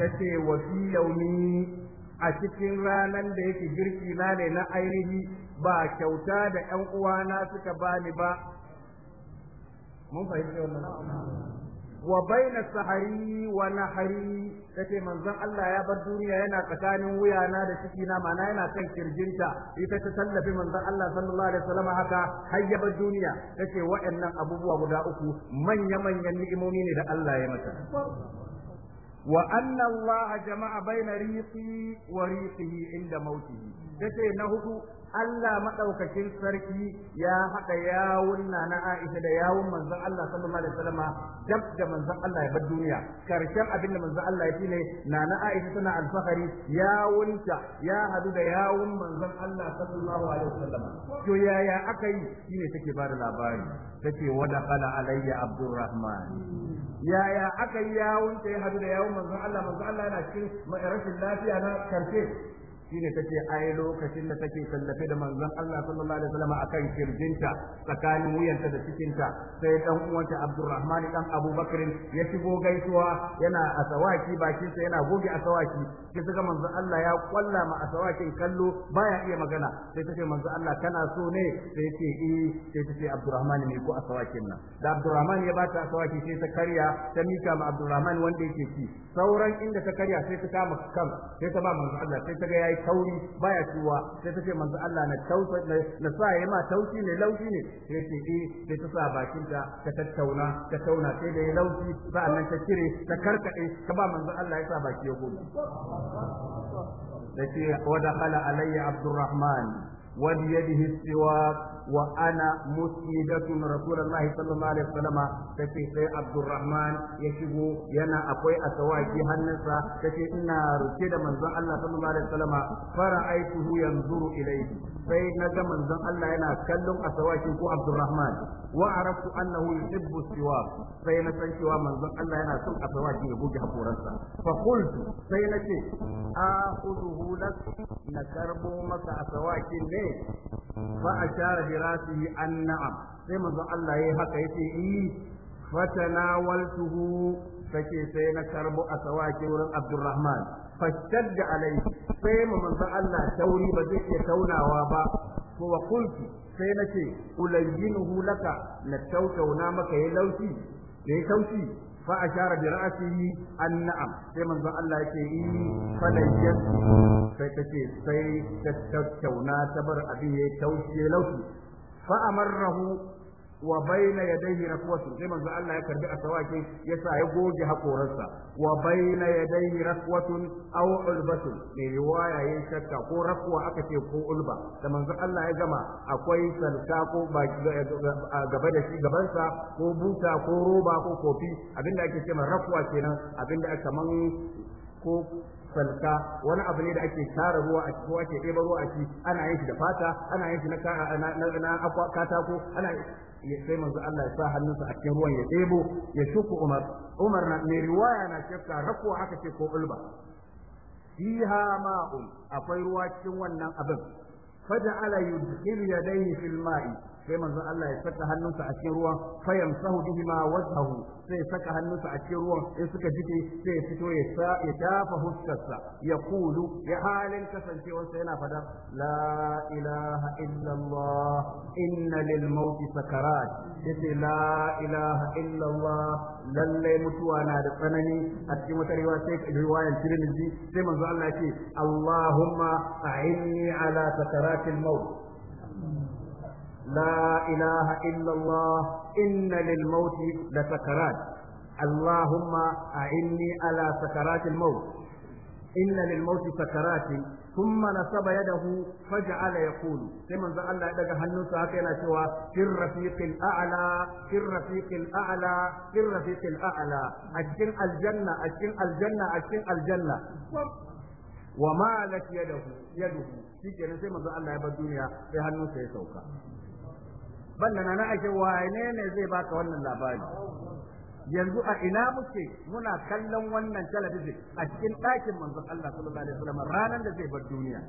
kace wa fi launi a cikin ranan da yake girki na ne na ainihi ba kyauta da ƴan uwana suka bani ba mun fahimci wannan wa baina sahari wa nahari tace manzon Allah ya bar duniya yana tsakanin wuyana da ciki na mana yana kan kirjinta ita ta tallafi manzon Allah sallallahu alaihi wasallam haka har ya bar duniya tace waɗannan abubuwa guda uku manya manyan ni'imomi ne da Allah ya mata wa anna Allah jama'a baina riqi wa riqihi inda mautihi tace na hudu Allah maɗaukakin sarki ya haɗa yawun na na Aisha da yawun manzon Allah sallallahu alaihi wasallam dab da manzon Allah ya bar duniya karshen abinda da manzon Allah ya na na Aisha tana alfahari yawunta ya hadu da yawun manzon Allah sallallahu alaihi wasallam to yaya aka yi shine take ba da labari take wada qala alayya Abdurrahman yaya aka yi yawunta ya hadu da yawun manzon Allah manzon Allah yana cikin rashin lafiya na karshe shine take ai lokacin da take tallafe da manzon Allah sallallahu alaihi wasallam akan kirjinta tsakanin wuyanta da cikinta sai dan uwanta Abdurrahman dan Abu Bakr ya shigo gaisuwa yana asawaki bakin sa yana goge asawaki sai ta ga manzo Allah ya kwalla ma asawakin kallo baya iya magana sai ta ce manzo Allah kana so ne sai ce eh sai ta Abdurrahman ne ko asawakin nan da Abdurrahman ya bata asawaki sai ta karya ta mika ma Abdurrahman wanda yake ci sauran inda ta karya sai ta kama kan sai ta ba manzo Allah sai ta ga yayi tauri baya ciwa sai ta ce manzo Allah na tausa na sa yayi ma tauki ne lauki ne sai ce eh sai ta sa bakinta ta tattauna ta tauna sai da ya lauki sa'annan ta kire ta karkade ta ba manzo Allah ya sa baki ya gobe da ce wa dakhala alayya abdurrahman wa bi yadihi siwak وانا مسندة رسول الله صلى الله عليه وسلم تتي سي عبد الرحمن يشبو ينا اقوي اسواكي هنسا تتي انا رشد من الله صلى الله عليه وسلم فرأيته ينظر اليه sai na ga manzon Allah yana kallon asawaki ko Abdurrahman wa araftu annahu yuhibbu siwak sai na san cewa manzon Allah yana son asawaki ya goge haƙoransa. fa qultu sai na ce a uduhu lak na karbo maka asawakin ne fa ashara firasihi an sai manzon Allah yayi haka yace eh sai na karbo a sawaki wurin Abdurrahman fashadda alai sai mu tauri ba zai iya taunawa ba sai nace na maka ya taushi fa ashara bi ra'sihi an na'am sai manzo Allah yi sai tace sai ta ta bar abin yayi taushi laushi fa amarrahu wa bayna yadayhi rafwatu sai manzo Allah ya karbi asawaki yasa ya goge hakoransa wa bayna yadayhi rafwatun aw ulbatun ne riwaya yayin shakka ko rafwa aka ce ko ulba da manzo Allah ya gama akwai salka ko gaba da shi gabansa ko buta ko roba ko kofi abinda ake cewa rafwa kenan abinda kaman ko salka wani abu ne da ake tara ruwa a ciki ake ɗeba ruwa a ciki ana yin shi da fata ana yin shi na katako ana ya sai manzo Allah ya sa hannunsa a cikin ruwan ya ɗebo ya shuku Umar Umar na mai riwaya na shakka rako aka ce ko ulba fiha ma'un akwai ruwa cikin wannan abin ala yudkhil yadayhi fil ma'i sai manzon Allah ya saka hannunsa a cikin ruwan fayamsahu bihima wajhahu sai ya saka hannunsa a cikin ruwan in suka jike sai ya fito ya sa ya dafa huskarsa ya kulu ya halin kasancewarsa yana fada la ilaha illallah inna lil mauti sakarat yace la ilaha illallah lallai mutuwa na da tsanani a cikin wata riwaya sai riwayan Tirmidhi sai manzo Allah ya ce Allahumma a'inni ala sakaratil maut لا إله إلا الله إن للموت لسكرات اللهم أعني على سكرات الموت إن للموت سكرات ثم نصب يده فجعل يقول كما قال الله يدغ هنوسا هكذا سوى في الرفيق الأعلى في الرفيق الأعلى في الرفيق الأعلى أشكن الجنة أشكن الجنة أشكن الجنة ومالت يده يده shi kenan sai manzo Allah ya bar duniya sai hannunsa ya sauka babban da na ake wane ne zai baka wannan labari yanzu a ina muke muna kallon wannan talabijin a cikin ɗakin manzon Allah sallallahu alaihi wasallam ranar da zai bar duniya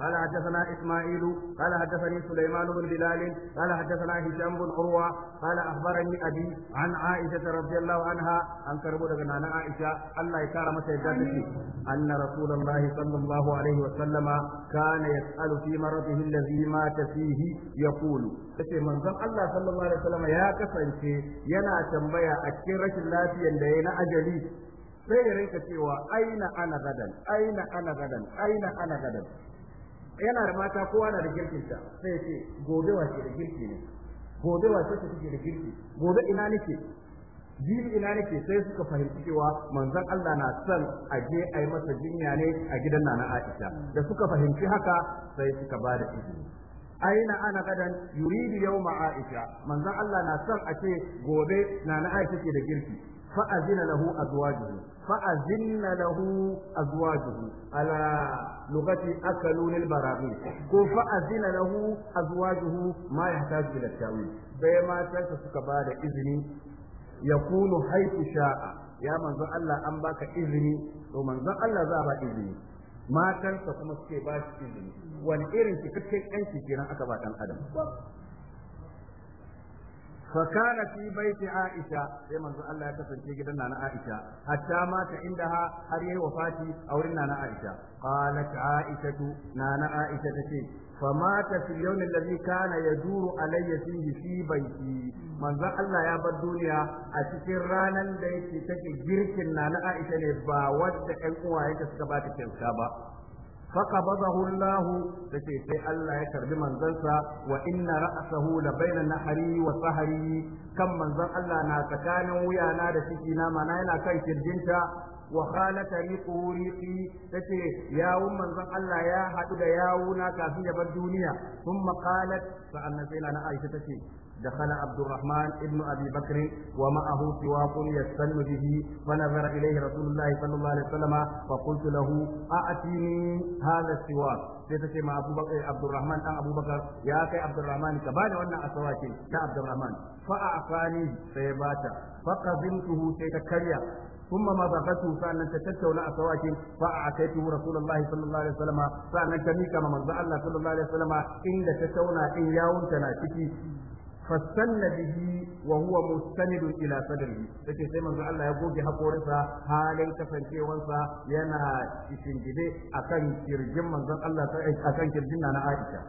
قال حدثنا إسماعيل قال حدثني سليمان بن بلال قال حدثنا هشام بن عروة قال أخبرني أبي عن عائشة رضي الله عنها أن كربو عن عائشة الله يكرم سيداتك أن رسول الله صلى الله عليه وسلم كان يسأل في مرضه الذي مات فيه يقول tace manzon Allah sallallahu alaihi wasallam ya kasance yana tambaya a cikin rashin lafiyar da ya na ajali sai ya rinka cewa aina ana gadan aina ana gadan aina ana gadan yana da mata kowa na da girkinta sai ce gobe wace da girki ne gobe wace ta take da girki gobe ina nake jini ina nake sai suka fahimci cewa manzon Allah na son a je a yi masa jinya ne a gidan nana Aisha da suka fahimci haka sai suka ba da izini aina ana gadan yuridu yawma Aisha manzon Allah na son a ce gobe nana Aisha ke da girki فأذن له أزواجه فأذن له أزواجه على لغة أكلوا للبراغيث فأذن له أزواجه ما يحتاج إلى التأويل بما تنسك بعد إذن يكون حيث شاء يا من ذا الله أن إذن ومن ذا الله ذا إذني ما تنسى كما سكي باش إذني وان إرن تكتك أنت جيران أكبر أن أدم فكان في بيت عائشة زي ما الله يكفر في جدنا أنا عائشة حتى مات عندها هذه وفاتي أو إننا أنا عائشة قالت عائشة نانا عائشة تشي فمات في اليوم الذي كان يدور علي فيه في بيتي من ذا الله يا بدنيا أتكر رانا ليك تكي جرك نانا عائشة نبا ودك أنقوا هيك سكبات فقبضه الله تشي سي الله يكرب منزلسا وإن رأسه لبين النحري والصهري كم منزل الله نا تكان ويانا دشينا مانا ينا كاي سرجنتا وخال طريقه ريقي تشي ياو منزل الله يا حدد ياونا كافية بالدنيا ثم قالت فأنا سيلنا عائشة تشي Dakana عبد الرحمن ابن ابي بكر ومعه سواق يستن به فنظر اليه رسول الله صلى الله عليه وسلم ya kai Abdurrahman ta Abdurrahman fa afani sai ta karya kuma ma ba kasu sannan ta tattauna asawaki fa akaitu Rasulullah sallallahu alaihi wasallam sannan ka mika ma manzo Allah sallallahu alaihi wasallam inda tattauna tauna yawunta na ciki fastanna bihi wa huwa mustanidun ila sadrihi take sai manzo Allah ya goge hakorinsa halin kasancewansa yana shingide akan kirjin manzon Allah akan kirjin na Aisha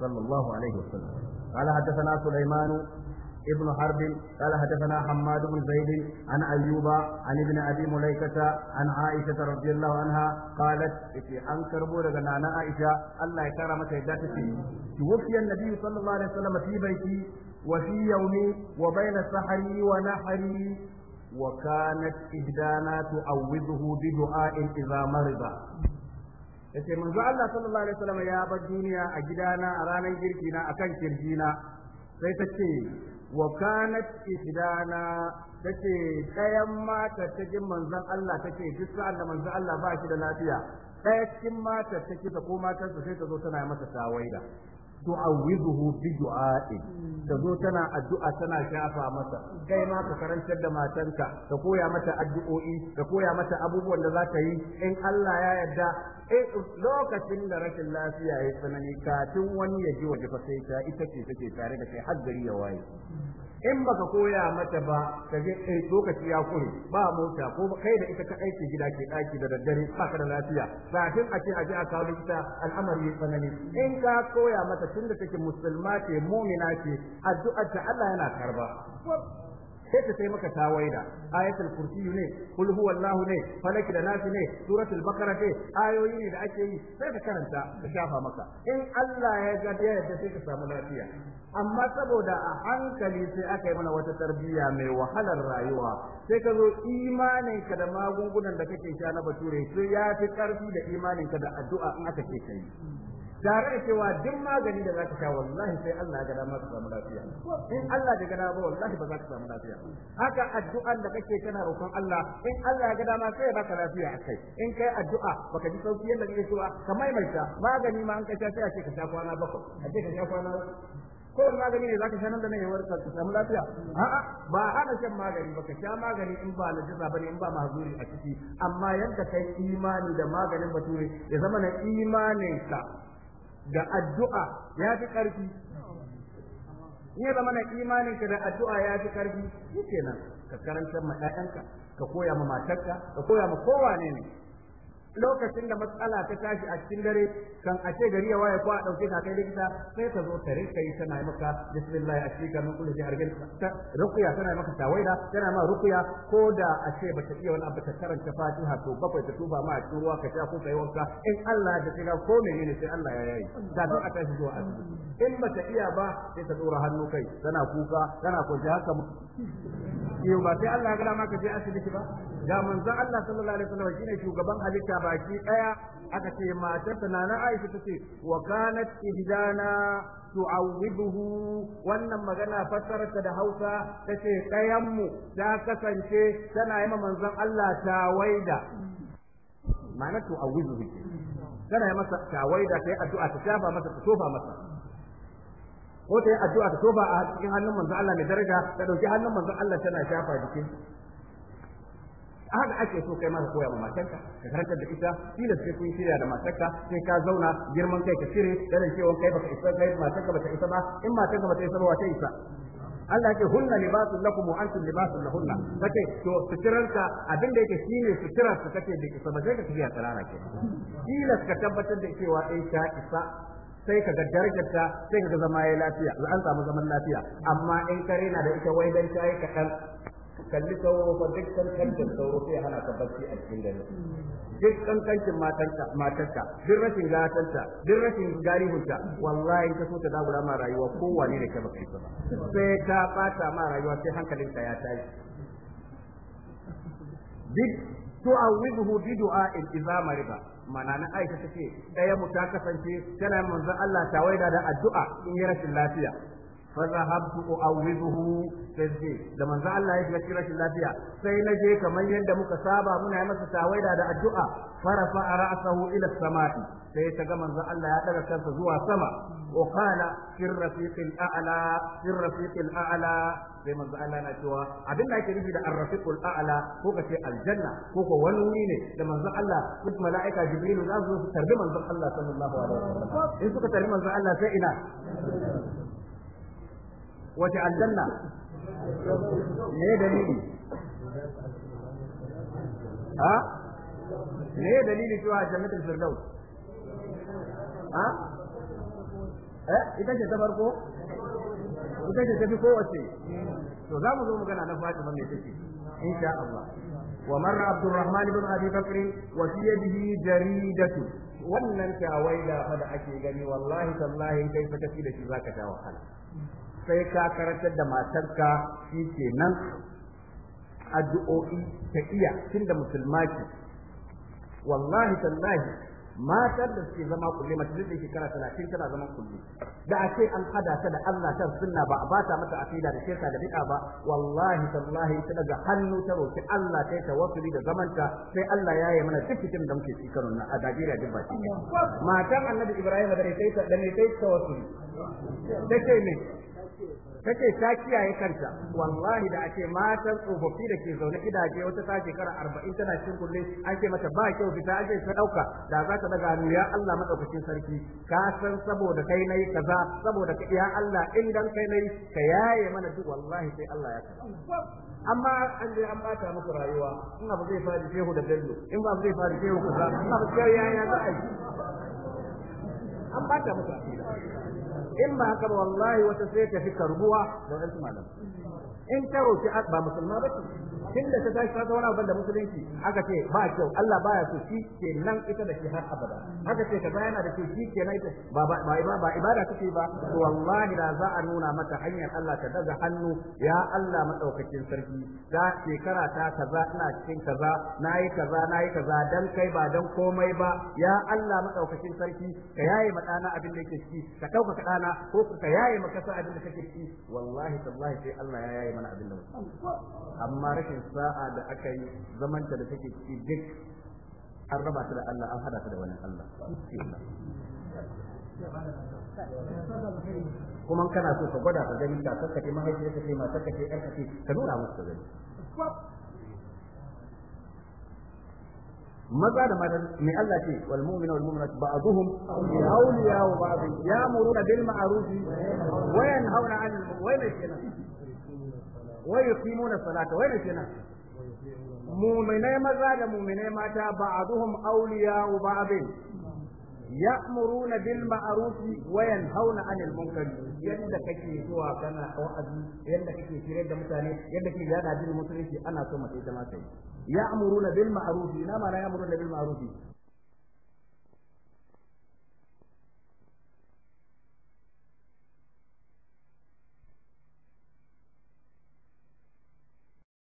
sallallahu alaihi wasallam قال حدثنا سليمان ابن حرب قال حدثنا حماد بن زيد عن أيوب عن ابن أبي مليكة عن عائشة رضي الله عنها قالت في أنكر بورغنا أنا عائشة الله يكرمك يداتك توفي النبي صلى الله عليه وسلم في بيتي وفي يومي وبين سحري ونحري وكانت إهدانا تعوضه بدعاء إذا مرض yace manzo Allah sallallahu alaihi wasallam ya bar duniya a gidana a ranar girki na akan kirjina sai ta ce wa kanat ihdana tace ɗayan mata ta ji manzon Allah tace duk sa'an manzon Allah ba shi da lafiya ɗaya cikin ta kisa ko matarsa sai ta zo tana masa tawaida tu'awwizuhu bi du'a'i ta zo tana addu'a tana shafa masa kai ma ka karantar da matanka ka koya mata addu'o'i ka koya mata abubuwan da za ta yi in Allah ya yarda eh, lokacin da rashin lafiya ya tsanani kafin wani ya ji waje fa ta ita ce take tare da kai har gari ya waye in baka koya mata ba ka je kai lokaci ya kure ba mota ko kai da ita ka aiki gida ke ɗaki da daddare ba ka da lafiya kafin a ce a je a kawo ita al'amari ya tsanani in ka koya mata tunda take musulma ce mu'mina ce addu'ar ta Allah yana karba sai ta sai maka tawaida ayatul kursi ne kul allah ne falaki da nasi ne suratul baqara ce ayoyi ne da ake yi sai ka karanta ka shafa maka in Allah ya ga da yadda sai ka samu lafiya amma saboda a hankali sai aka yi mana wata tarbiyya mai wahalar rayuwa sai ka zo imanin ka da magungunan da kake sha na bature sai ya fi karfi da imaninka da addu'a in aka ce kai tare da cewa duk magani da zaka sha wallahi sai Allah ya ga dama samu lafiya in Allah ya ga dama ba wallahi ba za ka samu lafiya haka addu'an da kake kana roƙon Allah in Allah ya ga dama sai ya baka lafiya akai in kai addu'a baka ji sauki yadda kake so ka maimaita magani ma an ka sha sai a ce ka sha kwana bakwai a ce ka sha kwana Ko magani ne zaka sha nan da nan ya warka ka samu lafiya a'a ba hana shan magani ba ka sha magani in ba lajiza bane in ba mahzuri a ciki amma yadda kai imani da maganin bature ya zama na ka da addu'a ya fi ƙarfi in ya zama na ka da addu'a ya fi ƙarfi shi kenan ka karanta ma 'ya'yanka ka koya ma matarka ka koya ma kowane ne lokacin da matsala ta tashi a cikin dare kan a ce gari ya waye ko a dauke ka kai likita sai ka zo ta rinka yi tana maka bismillah a cikin kan kullu ji hargal ruqya tana maka tawaida tana ma ruqya ko da a ce ta iya wani abu ta karanta fatiha to bakwai ta tuba ma a cikin ruwa ka sha ko kai wanka in Allah da kika ko menene sai Allah ya yayi da don a tashi zuwa asibiti in ta iya ba sai ta dora hannu kai tana kuka tana kwanci haka yau ba sai Allah ya gada maka ka je asibiti ba ga manzon Allah sallallahu alaihi wasallam shine shugaban halitta baki daya aka ce matarsa na na Aisha tace wa kanat ihdana tu'awwiduhu wannan magana fassararta da Hausa tace ce ɗayanmu ta kasance tana yi ma manzon Allah tawaida ma'ana tu'awwiduhu tana yi masa tawaida sai addu'a ta shafa masa ta tofa masa ko ta yi addu'a ta tofa a cikin hannun manzon Allah mai daraja ta dauki hannun manzon Allah tana shafa jikin haka ake so kai maka koya ma matarka ka karantar da ita kila sai kun shirya da matarka sai ka zauna girman kai ka shiri, ganin cewa kai baka isa kai matarka bata isa ba in matarka bata isa ba wace isa Allah ke hunna libasun lakum wa antum libasun lahunna kace to suturarka abin da yake shine suturar su kace da isa ba sai ka tafiya tsarara ke kila ka tabbatar da cewa eh ta isa sai ka ga sai ka ga zama ya lafiya an samu zaman lafiya amma in kare na da ita wai dan yi kaɗan kalli sauro fa duk kankancin sauro sai hana ka bacci a cikin dare duk kankancin matarka matarka duk rashin gatanta duk rashin garihunta wallahi ka so ta dagura ma rayuwa kowane ne kai baka ba sai ta bata ma rayuwa sai hankalinka ya tashi duk a tu'awwidhu bi du'a iltizama riba mana na Aisha take ɗaya mu ta kasance tana manzon Allah tawaida da addu'a in yi rashin lafiya فذهبت أعوذه تزكي da manzo Allah ya shiga rashin lafiya sai na je kamar yadda muka saba muna masa tawaida da addu'a farafa ra'sahu ila samai sai ta ga manzo Allah ya daga kansa zuwa sama wa qala fir a'la a'la sai manzo Allah na cewa abin da yake nufi da ar a'la ko kace aljanna ko ko wani wuri ne da manzo Allah duk mala'ika jibrilu za su tarbi manzo Allah sallallahu alaihi wasallam in suka tarbi manzo Allah sai ina wace aljanna me dalili ha me dalili cewa jannatul firdaus ha eh ita ce ta farko ita ce ta fi kowace to za mu zo mu magana na Fatima mai take insha Allah ومر عبد الرحمن بن ابي بكر وفي يده jaridatu. wannan kyawaida fa da ake gani wallahi tallahi kai fa tafi da shi zaka ta wahala sai ka karantar da matarka shi ke nan addu'o'i ta iya tun da musulma ce wallahi tallahi matar da suke zama kulle mace da shekara talatin tana zama kulle da a ce an hada ta da Allah ta sunna ba a ba ta mata aqida da shirka da bid'a ba wallahi tallahi ta daga hannu ta roki Allah ta ta tawassuli da zamanta sai Allah ya yi mana duk cikin da muke cikin nan a Najeriya duk ba matar Annabi Ibrahim da ta yi ta wasu ta ne take ta kiyaye kanta wallahi da ake matan tsofaffi da ke zaune gidaje wata ta shekara arba'in tana cikin kulle an ce mata ba kyau fita an ce ta dauka da za ta daga hannu ya Allah madaukakin sarki ka san saboda kai nayi kaza saboda ka ya Allah in dan kai nayi ka yaye mana duk wallahi sai Allah ya kaza amma an je an bata muku rayuwa ina ba zai fadi shehu da dallo in ba zai fadi shehu kaza ina ba sai yaya za a yi an bata muku in ba haka ba wallahi wata sai ta fi karbuwa da wasu malamai in ta roki ba musulma ba tun da ta tashi ta wani abin da musulunci aka ce ba kyau Allah baya so shi kenan ita da shi har abada Haka ce kaza yana da shi kenan ita ba ba ba ibada kake ba to wallahi da za a nuna mata hanyar Allah ta daga hannu ya Allah madaukakin sarki da shekara ta kaza ina cikin kaza nayi kaza nayi kaza dan kai ba dan komai ba ya Allah madaukakin sarki ka yaye ma dana abin da yake ciki ka dauka ka dana ko ka yaye maka sa abin da kake ciki wallahi tallahi sai Allah ya yaye mana abin da amma rashin sa'a da aka yi zamanta da take ciki duk an raba ta da Allah an hada ta da wani Allah kuma kana so ka gwada ka gani ka saka ke mahaifiyar ka ce ma saka ke ɗan ka ce ka nuna musu ka gani maza da mata mai Allah ce wal mu'minu wal mu'minatu ba'dhum awliya wa ba'd ya'muruna bil ma'ruf wa yanhauna 'anil munkar wai yuqimuna salata wai kenan mu'minai maza da mu'minai mata ba'duhum awliya'u ba'din ya'muruna bil ma'ruf wa yanhauna 'anil munkar yadda kake zuwa kana wa'azi yadda ke shirye da mutane yadda kake yada din musulunci ana so mace ta ina